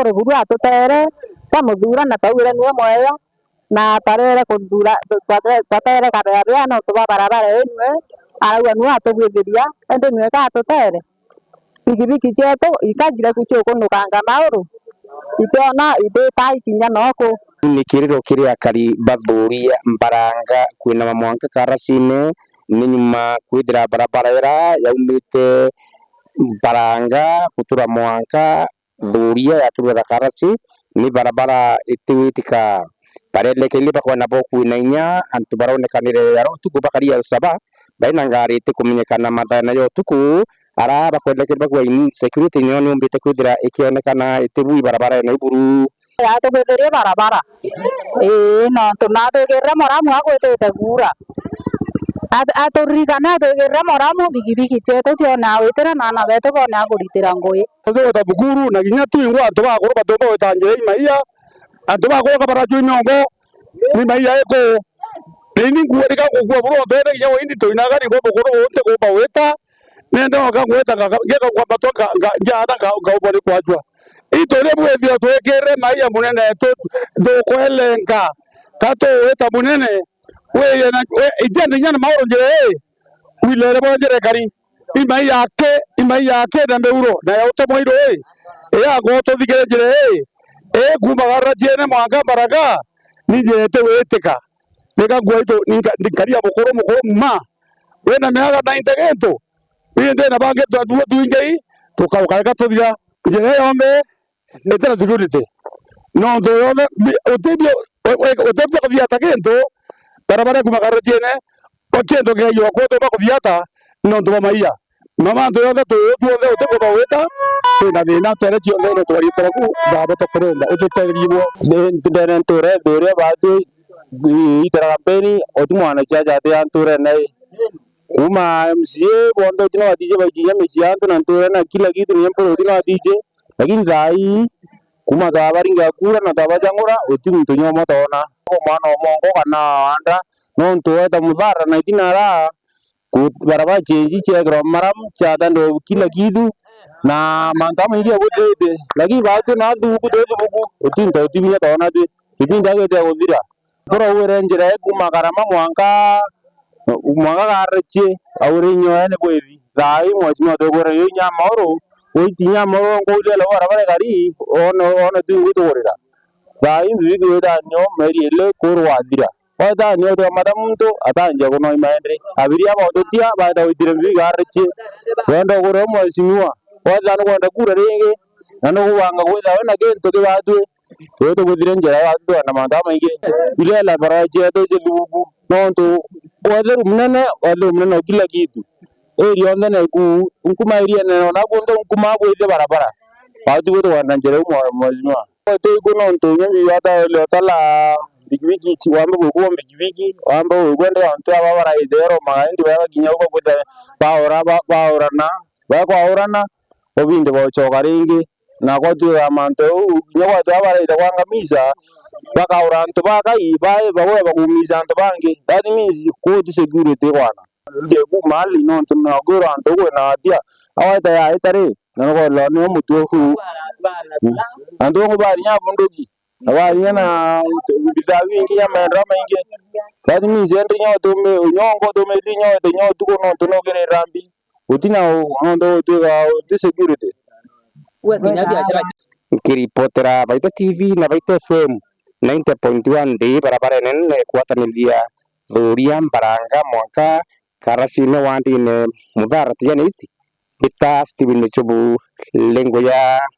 kurugurua tuteere twamuthurana twaugire niwe mwega na twarere kuthura twatere kabea bea no tuba barabara iniwe arauga niwe atubwithiria indi niwe gatutere bikibiki cietu ikajire gucukunukanga itona itiona ta ikinya noku ni kiriro kiria kari bathuria mbaranga kwina mamwanke karacine ni nyuma kwithira barabara ira yaumite mbaranga gutura mwanka thuria yaturire thakarasi ni barabara itiwitika barendekeirie bakwena boku na inya antu baronekanire yaro utuku bakaria rusaba baina ngari itikumenyekana mathana yo utuku ara bakwendekeirie bakua ini security nyo ni umbite kwithira ikionekana itibui barabara ino iburu yatugithirie barabara ii nontu nathugirire muramu agwitite kura aturirikane twigira muramo bigibigi chetu cionaa witira nana betu bonea kuritira ngui tuthugute bukuru na kinya twingwa antu bakuru batuthugita njira imaia antu bakuru kabaraju inyongo nimaia iku ini nguurika ngugua buru mbere ginya windi tuinaga niguo bukuru unti gumba wita nende oka ngweta ngekanguamba twa ngiatha ngaumba ni kwajua ituri bwithio twikire maia munene thukuelenga tatuwita munene ijenda nyana mahoro njere eh, wilere bo njere kari imai yake imai yake na meuro na yaute moiro e ya eh. eh, goto thigere njere e ngumagara jene mwanga mbaraga ninjete wetika nika gwaito nikaria mukuru mukuru ma wena meaga na integeto inde na bange twa duwe tuingei tukauka ka tuthiga njere yombe etera security no ndo yombe utebio utebio kathia tageto barabara kuma karutiene okiendo geyo kwoto bakuthiata no ndu maiya mama ndu yothe tu tuothe utikuba wita twina thina tere ciothe no twarite ku thabo tokurunda ututerirwo ndene nture thuria bathu itara kampeni otumwana ciaca tia nture nai kuma MCA bondo tino watije baijia mechi yangu na nture na kila kitu ni mpolo tino watije lakini dai kuma thabaringa kura na thabajangura utu mtu nyoma tona wako mwana wa mongo kana anda nontu weta muthara na itina raa baraba chenji chekirwa maram chatando kila kitu na manta maingi agutete lakini batu na thuku te thuku utinta utimia tona tu ibinda gete guthira kora were njira eku makarama mwanka mwanka gareche awre nyoya ne bwethi thai mwachimo to yo nyama oitinya moro ngule lo baraba gari ono ono tu ngutugurira thaĩ mĩbĩkĩ ĩthanio meri ĩlĩ kũrwathira wethanio twamata muntu atanje kunoimaendri abiria botutia baenda gwitire mĩbĩkĩ arichi wenda ũgũre mheshimiwa wethira nĩkwenda kura rĩngĩ na nĩgũbanga kwithira wĩna kĩntu kĩbatwi ĩĩ tũgũthire njĩra twenda mantu jamaingĩ ilela barabara cietũ jithubu nontu wetheru mnene wetheru mnene kila kitu ĩri yonthe nekuu nkuma ĩria nene ona kũntũ nkuma kwithie barabara batu gwĩtũkwenda njĩra ĩmwe mheshimiwa Tũgũkorwo twĩ hinya leo la bigibigi wambe gukua bigibigi wambe ugonde onto ababara ithero magaindi wega ginya uko guthe baora baorana bakwaorana obinde bochoka ringi nako tuya manto ginya gwate abaraire kwang'amisa bakaura anto bakai bae bagoe bakumisa anto bangi that means kutu security gwana ngeku mali nonto nagwira anto gwena atia awaita yaitari nanokolonio mutwe kuu Hmm. andongo bari nya bundugi abari na bidawi ingi ya mandrama mengi kati mizi endi tume nyongo tume ri nya de nya tuko no tuno gere rambi utina ondo tuga uti uh, security kiripotera Baite TV na Baite FM 90.1 ndi barabara nene kuataniria thuria mbaranga mwanka karasine wandine muthara tiyane isti bita Steven Michubu lengo ya